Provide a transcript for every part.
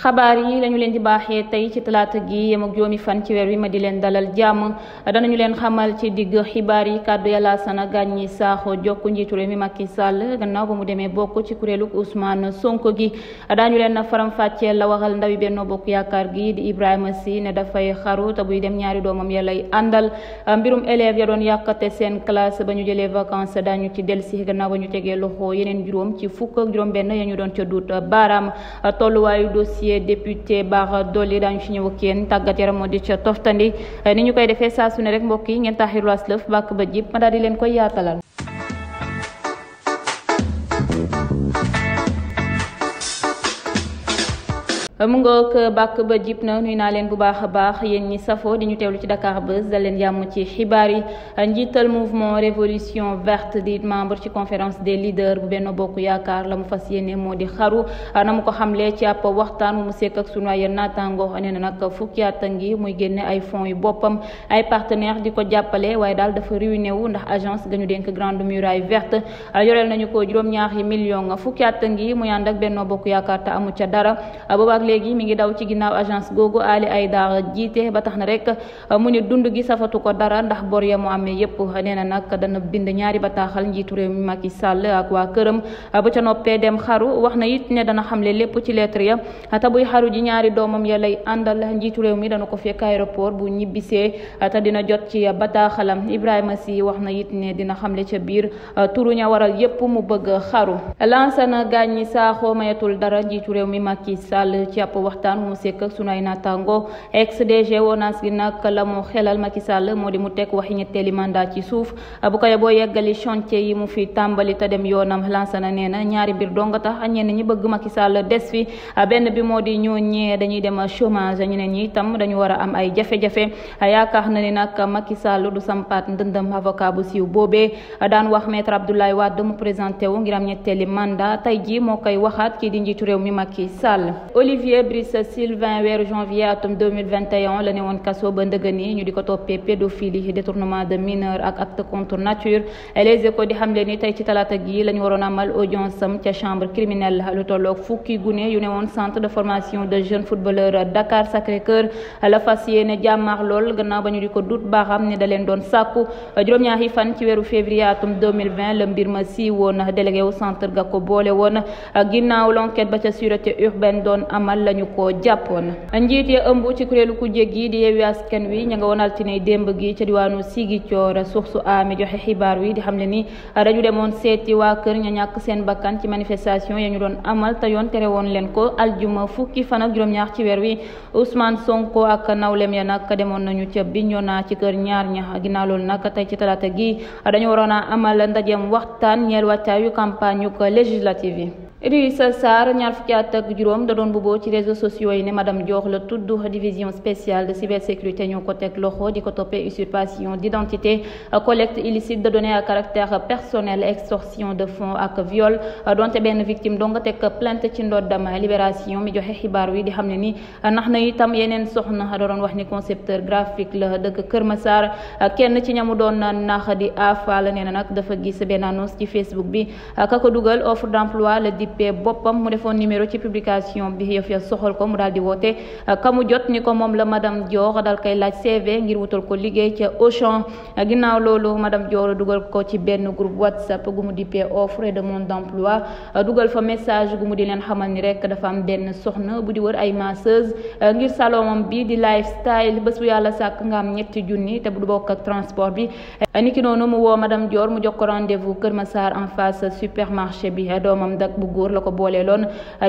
xabaar yi lañu leen di baaxee tey ci talaata gi yem ak juróomi fan ci weer wi ma di leen dalal jàmm danañu leen xamal ci digg xibaar yi kàddu yàlla sana gàññi saaxo jokku njiitu réew mi ki Sall gannaaw ba mu demee bokk ci kuréelu Ousmane Sonko gi daañu leen faram-fàccee la waxal ndawi Benno Bokk Yaakaar gi di Ibrahima Sy ne dafay xaru te buy dem ñaari doomam ya lay àndal mbirum élèves ya doon yàqate seen classe ba ñu jëlee vacances daañu ci delsi gannaaw ba ñu tegee loxo yeneen juróom ci fukk ak benn ya ñu doon ca duut baaraam ci député Bara Dolly daañu ci ñëw ak yéen tàggat yaram moo di ca toftandi ni ñu koy defee saa su ne rek mbokk yi ngeen taxirlu aslëf bàkk ba jib ma daal di leen koy yaatalal mu ngoog euh, bàkk ba jib na nuy naa leen bu baax a baax yéen ñi safoo di ñu teelu ci Dakar Buzz da leen yàmm ci xibaar yi njiital mouvement révolution verte di membre ci conférence des leaders bu benn bokk yaakaar la mu fas yéene moo di xaru na mu ko xamlee ci ab waxtaan mu mu sekk ak sunu ay naataango nee na nag fukki at ngi muy génne ay fonds yu boppam ay partenaires di ko jàppale waaye daal dafa ruiné wu ndax agence gañu dénk grande muraille verte yoreel nañu ko juróom-ñaari millions fukki at ngi muy ànd ak benn bokk yaakaar amu ca dara léegi mi ngi daw ci ginnaaw agence googu Ali Aïdara jiite ba tax na rek mu ne dund gi safatu ko dara ndax bor ya mu amee yépp nee na nag dana bind ñaari bataaxal njiitu réew mi Macky Sall ak waa këram ba ca noppee dem xaru wax na it ne dana xamle lépp ci lettre ya te buy xaru ji ñaari doomam ya lay àndal njiitu réew mi dana ko fekk aéroport bu ñibbisee te dina jot ci bataaxalam Ibrahima Sy wax na it ne dina xamle ca biir turu ña waral yépp mu bëgg xaru Lansana Gagny Sakho mayatul dara njiitu réew mi Macky Sall ci ab waxtaan mu sekk ak sunu ay naataango ex DG ONAS gi nag la mu xelal Macky Sall moo di mu teg waxi ñetteeli mandat ci suuf bu ko yeboo yeggali chantier yi mu fi tàmbali te dem yoonam lansana nee na ñaari mbir dong tax ñenn ñi bëgg Macky Sall des fi benn bi moo di ñoo ñee dañuy dem chômage ñeneen ñi itam dañu war a am ay jafe yaakaar na ni nag Macky Sall du sampaat ndëndëm avocat bu siiw boobee daan wax maître Abdoulaye Wade mu présenté wu ngir am ñetteeli mandat tey ji moo koy waxaat kii di njiitu réew mi Macky Sall Olivier dossier Brice Sylvain weeru janvier atum la ne woon kaso ba ndëgëni ñu di ko toppee pédophilie détournement de mineur ak acte contre nature les échos di xamle ni tey ci talaata gi la waroon amal audience ca chambre criminelle lu fukki gune yu ne woon centre de formation de jeunes footballeurs Dakar Sacré-Cœur la fas yéene lool gannaaw ba ñu di ko dut baaxam ne da leen doon sàkku juróom-ñaari fan ci weeru février atum la mbir ma lañu ko jàppoon njiit ya ëmb ci kuréelu ku jég yi di yeewi askan wi ña nga woon altine démb gi ci diwaanu sigi a source su mi joxe xibaar wi di xam ne ni dañu demoon seeti waa kër ña ñàkk seen bakkan ci manifestation ya ñu doon amal te yoon tere woon leen ko aljuma fukki fan ak juróom ñaax ci weer wi Ousmane Sonko ak nawlem ya nag demoon nañu bi ca naa ci kër ñaar ña ginnaaw loolu nag tey ci talaata gii dañu waroon a amal ndajeem waxtaan ñeel wàccaayu campagne yu législative yi Idrissa Sarr ñaar fukki ak juróom da doon bubboo ci réseaux sociaux yi ne madame Dior la tudd division spéciale de cybersécurité ñoo ko teg loxo di ko toppee usurpation d'identité collecte illicite de données à caractère personnel extorsion de fonds ak viol donte benn victime dong teg plainte ci ndoddam libération mi joxe xibaar wi di xam ne ni nax na itam yeneen soxna da doon wax ni concepteur graphique la dëkk Kër Massar kenn ci ñamu doon nax na nag dafa gis benn annonce ci dippee boppam mu defoon numéro ci publication bi yëf ya soxal ko mu daal di woote ka ni ko moom la madame a dal koy laaj CV ngir wutal ko liggéey ca Auchan ginnaaw loolu madame Dior dugal ko ci benn groupe WhatsApp gu mu dippee offre et demande d'emploi dugal fa message gu mu di leen xamal ni rek dafa am benn soxna bu di wër ay masseuse ngir salon bi di lifestyle bés bu yàlla sàkk nga am ñetti junni te bokk ak transport bi niki noonu mu woo madame Dior mu góor la ko boolee loon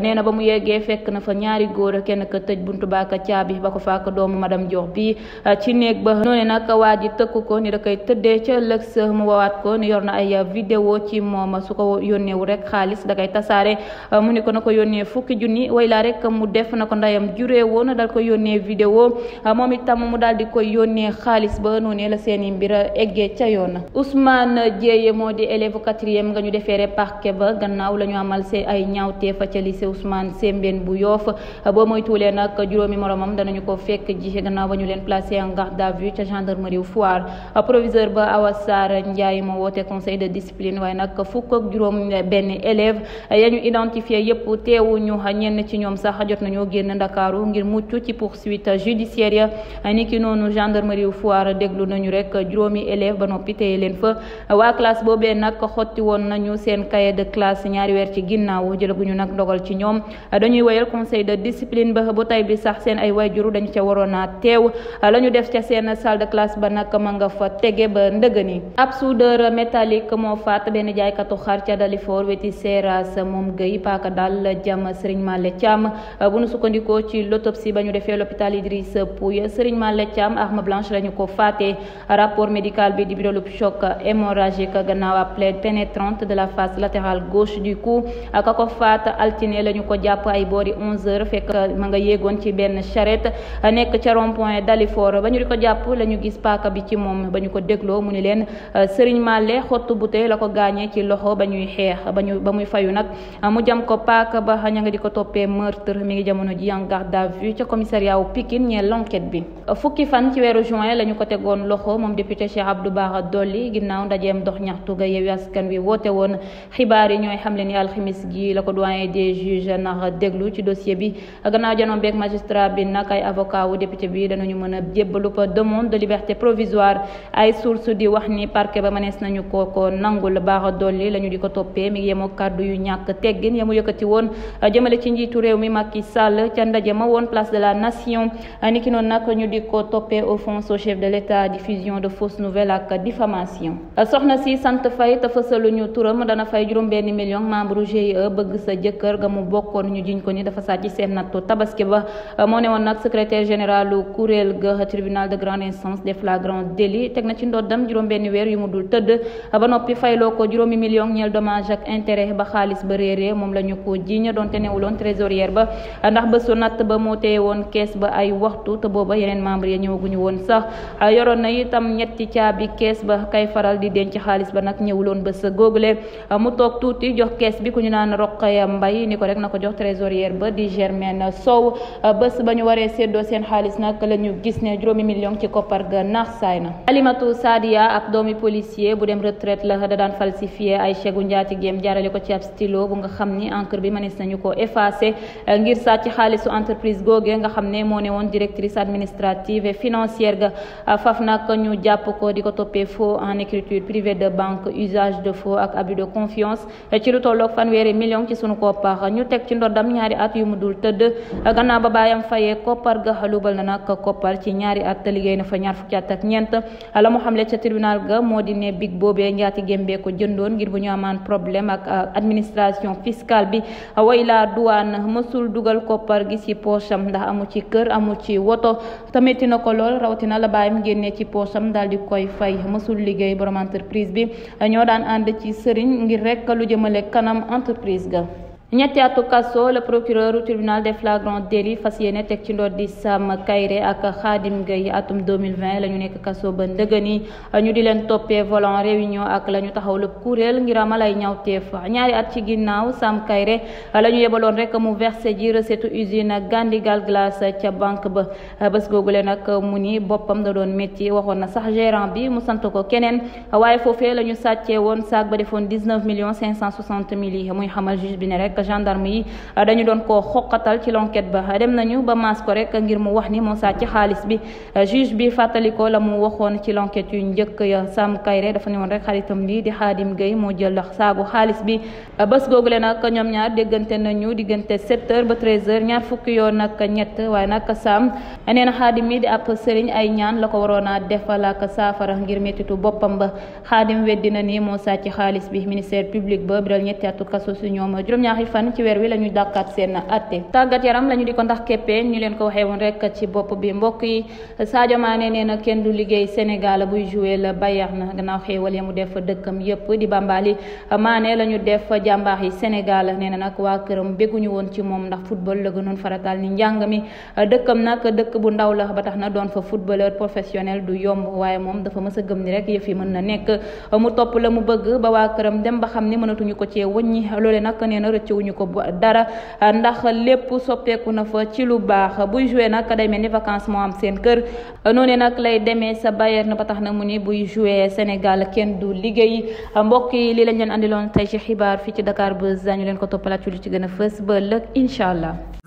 nee na ba mu yeggee fekk na fa ñaari góor kenn ka tëj buntu baaka caabi ba ko faak doomu madame Diop bi ci néeg ba noonu na waa ji tëkk ko ni da koy tëddee ca ëllëg sa ko ni yor na ay vidéo ci su ko yónneewu rek xaalis da koy tasaare mu ni ko na ko yónnee fukki junni way laa mu def na ko ndayam juree woon dal ko yónnee vidéo moom itam mu daal di ko yónnee xaalis ba noonu la seeni mbir eggee ca yoon Ousmane Dieye moo di élève quatrième nga ñu defeere parquet ba gannaaw la amal seen coppite ay ñaawteef ca lycée Ousmane Sembène bu Yoff boo moytuwulee nag juróomi moromam danañu ko fekk ji gannaaw ba ñu leen placé en garde à vue ca gendarmerie wu Foire proviseur ba Awa Sarr Ndiaye moo woote conseil de discipline waaye nag fukk juróom benn élève ya ñu identifié yépp teewuñu ñenn ci ñoom sax jot nañoo génn Ndakaaru ngir mucc ci poursuite judiciaire ya ni ki noonu gendarmerie wu Foire déglu nañu rek juróomi élève ba noppi ginnaaw jëlaguñu nag dogal ci ñoom dañuy woyal conseil de discipline ba bu tay bi sax seen ay wayjuru dañu ca waroon a teew la ñu def ca seen salle de classe ba nag ma nga fa tege ba ndëgëni ab soudeur métallique moo faat benn jaaykatu xar ca Dalifort weti seeras moom gëy paaka daal jam Serigne Male Thiam bu nu sukkandikoo ci l'autopsie ba ñu defee l'hôpital Idriss Pouye Serigne Male Thiam arme blanche lañu ko faatee rapport médical bi di bidolub choc hémorragique ka ko faat altine la ñu ko jàpp ay boori 11h fekk ma nga yéegoon ci benn charrette nekk ca rond point Dalifort ba ñu di ko jàpp la ñu gis paaka bi ci moom ba ñu ko dégloo mu ni leen euh, Serigne Mallé xottu bute la ko gaañee ci loxo ba ñuy xeex ba ñu ba muy fayu nag mu jam ko paaka ba ña nga di ko toppee meurtre mi ngi jamono ji en garde à vue ca commissariat wu Pikine ñeel l'enquête bi fukki fan ci weeru juin la ñu ko tegoon loxo moom député Cheikh Abdou Bara a ginnaaw ndajeem dox ñaxtu ga Yewwi gi la ko doyen des juges nar déglu ci dossier bi gannaaw janoom beeg magistrat bi nag ay avocat député bi danañu mën a jébbalu pa demande de liberté provisoire ay source di wax ni parquet ba mënees nañu ko ko nangul baaxa dolli la di ko toppee mi ngi yemoo kàddu yu teggin yemu yëkkati woon jëmale ci njiitu réew mi Macky Sall ca ndaje ma woon place de la nation a ki noonu ñu di ko toppee offense au chef de l'État diffusion de fausses nouvelles ak diffamation soxna si sant bëgg sa jëkkër ga mu bokkoon ñu jiñ ko ni dafa sàcc seen nattu tabaski ba moo ne woon nag secrétaire général kuréel ga tribunal de grande instance des flagrants délits teg na ci ndoddam juróom-benn weer yu mu dul tëdd ba noppi fayloo ko juróomi million ñeel dommage ak intérêt ba xaalis ba réeree moom la ñu ko jiñ doonte newuloon trésorière ba ndax ba su natt ba moo téye woon kees ba ay waxtu te booba yeneen membre ya ñëwaguñu woon sax yoroon na itam ñetti caabi kees ba kay faral di denc xaalis ba nag ñëwuloon ba sa góogule mu naan Roqaya Mbay ni ko rek na ko jox trésorière ba di Germaine Sow bés ba ñu waree séddoo seen xaalis nag la ñu gis ne juróomi million ci koppar ga naax saay na Alimatu Sadia ab doomi policier bu dem retraite la da daan falsifié ay chegu njaatigéem jaarale ko ci ab stylo bu nga xam ni encre bi mënees nañu ko effacé ngir sàcc xaalisu entreprise googe nga xam ne moo ne woon directrice administrative et financière ga faf nag ñu jàpp ko di ko toppee faux en écriture privée de banque usage de faux ak abus de fanweeri million ci sunu koppar ñu teg ci ndoddam ñaari at yu mu dul tëdd gannaaw ba baayam fayee koppar ga lubal na nag koppar ci ñaari at te liggéey na fa ñaar fukki at ak ñeent la mu xamle ca tribunal ga moo di big boobee njaati gémbee ko jëndoon ngir bu ñu amaan ak euh, administration fiscale bi way laa duwaan mësul dugal koppar gi ci poosam ndax amu ci kër amu ci woto tamit na ko lool rawatina la baayam génnee ci poosam daal di koy fay mësul bi surprise ga ñetti atu kaso la procureur tribunal des flagrants délits fas yéene teg ci ndoor di Sam Kairé ak Khadim Gueye atum 2020 la ñu nekk kaso ba ndëgëni ñu di leen toppee volant réunion ak la ñu taxaw lépp kuréel ngir amal ay ñawteef ñaari at ci ginnaaw Sam Kairé la ñu yebaloon rek mu versé ji recette usine Gandigal glace ca banque ba bés googule nag mu ni boppam nga doon métti waxoon na sax gérant bi mu sant ko keneen waaye foofee la ñu sàccee woon saag ba defoon 19 millions 560 mille muy xamal juge bi ne rek rek gendarme yi ah, dañu doon koo xoqatal ci l'enquête ba dem nañu ba maas ko rek ngir mu wax ni moo sàcc xaalis bi ah, juge bi fàttali ko la mu waxoon ci l'enquête yu njëkk ya Sam Kayre dafa ne woon rek xaritam bi di Xaadim Gueye moo jël saagu xaalis bi ah, bés googu le nag ñoom ñaar déggante nañu diggante 7 ba 13 heures ñaar fukki yoon nag ñett waaye nag Sam nee na Xaadim mi di ab sëriñ ay ñaan la ko waroon a defal ak saafara ngir méttitu boppam ba Xaadim weddina bi ministère fan ci weer wi la ñu dàkkaat seen atte tàggat yaram la ñu di ko ndax keppee ñu leen ko waxee woon a ci bopp bi mbokk yi Sadio Mané nee na kenn du liggéey Sénégal buy joué la Bayern na gannaaw xéewal ya mu def dëkkam yépp di bambali Mané la ñu def jàmbaax yi Sénégal nee na waa këram bégguñu woon ci moom ndax football la gënoon faratal ni njàng mi dëkkam nag dëkk bu ndaw la ba tax na doon fa footballeur professionnel du yomb waaye moom dafa a gëm ni rek yëf yi mën na nekk mu topp la mu bëgg ba waa këram dem ba xam ni wuñu ko dara ndax lépp soppeeku na fa ci lu baax buy joué nag day mel ni vacances am seen kër noonu nag lay demee sa na ba tax na mu ni buy joué Sénégal kenn du liggéey mbokk yi lii lañ leen andiloon tey ci xibaar fii ci Dakar Buzz ñu leen ko toppalaat ci lu ci gën a fës ba lëkk incha allah.